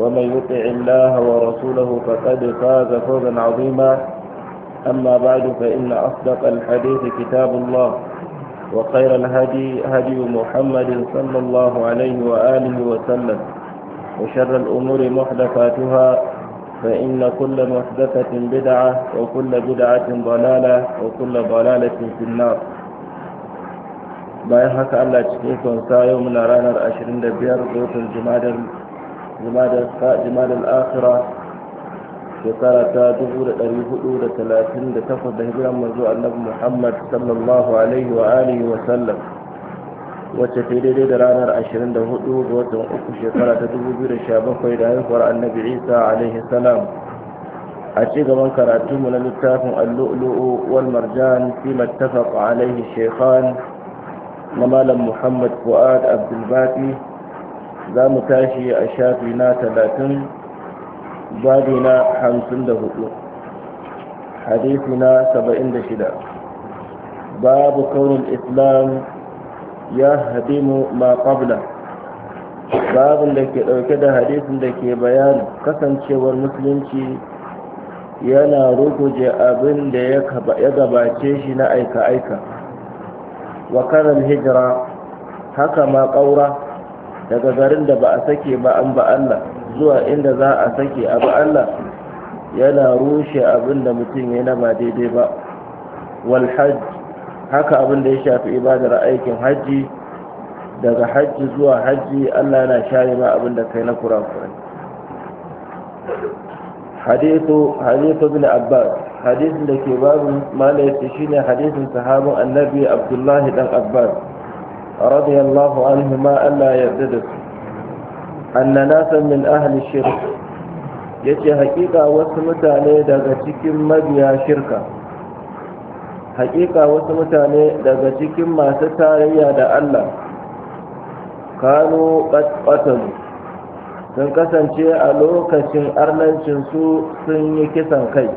ومن يطع الله ورسوله فقد فاز فوزا عظيما أما بعد فإن أصدق الحديث كتاب الله وخير الهدي هدي محمد صلى الله عليه وآله وسلم وشر الأمور محدثاتها فإن كل محدثة بدعة وكل بدعة ضلالة وكل ضلالة في النار bayan haka Allah cikin kunsa yau رانا ranar دبيار ga watan jimadar al'akira shekara ta 438 da hijiran manzo annabi muhammad sallallahu alaihi wa alihi wa sallam wacce ta daidai da ranar 24 ga watan uku shekara ta 2017 da haihuwar annabi isa alaihi salam a ci gaban karatunmu na littafin allu'lu'u wal marjan fi mattafaq alaihi shekhan na malam muhammad fuad abdulbaki za mu tashi a shafi na talatin babi na hamsin da hudu hadisi na saba'in da shida babu kaunin islam ya hadimu ma ƙabla babin da ke ɗauke da hadisin da ke bayan kasancewar musulunci yana rukuje abin da ya gabace shi na aika-aika wa kanan hijira haka ma ƙaura daga garin da ba a sake ba an ba Allah zuwa inda za a sake a ba Allah yana rushe abin da mutum yana ba daidai ba wal hajj haka abin da ya shafi ibadar aikin hajji daga hajji zuwa hajji Allah yana share ma abin da kai na kurakurai hadithu hadithu bin abbas hadithin da ke babu malaiti shine hadithin sahabin annabi abdullahi dan abbas رضي الله عنهما ألا يبددك أن ناسا من أهل الشرك يجي حقيقة وسمت عليه تكيم مبيا شركة حقيقة وسمت عليه تكيم ما ستاريا دا ألا كانوا قد قتلوا sun kasance a lokacin arnancinsu sun yi kisan kai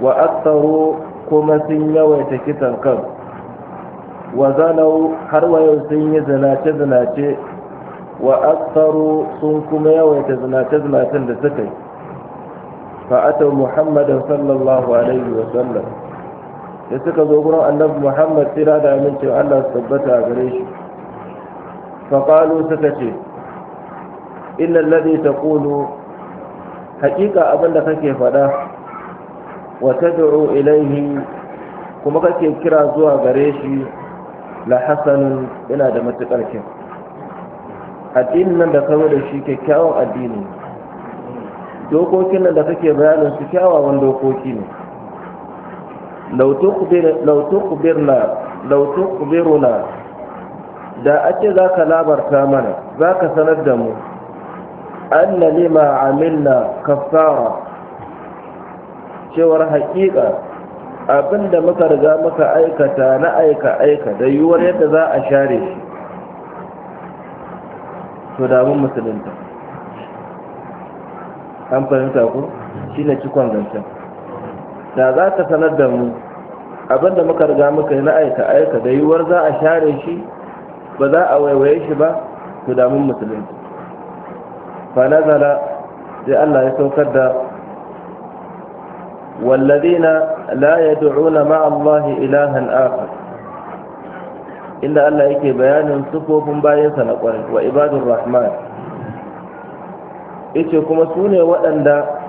wa aktaru kuma sun yawaita kisan kansu wa zanau har yau sun yi zinace-zinace wa aksaru sun kuma yawaita zinace-zinacen da suka yi fa'atar muhammadin sallallahu alaihi wa sallam. da suka zo gurin annabi muhammad tsira da amincin allah su tabbata a gare shi faƙalu suka ce inna lade ta ƙulu haƙiƙa abinda kake faɗa wa ta ilaihi kuma kake kira zuwa gare shi la hasanun yana da matuƙar kyau addinin nan da kawo da shi kyakkyawan addini dokokin nan da kake bayanin su kyawawan dokoki ne na. da ake za ka labarta mana za ka sanar da mu an na lima amilna kafara cewar haƙiƙa abin da muka riga muka aikata na aika aika da yiwuwar yadda za a share shi to damun musulunta an fahimta ku shi ne cikon zancen da za ka sanar da mu abin da muka riga muka na aika aika da yiwuwar za a share shi ba za a waiwaye shi ba to damun musulunta fa nazara sai Allah ya saukar da والذين لا يدعون مع الله إلها آخر إلا ألا يكي بيان صفوف باين سنقل وإباد الرحمن إيش كما سوني وأن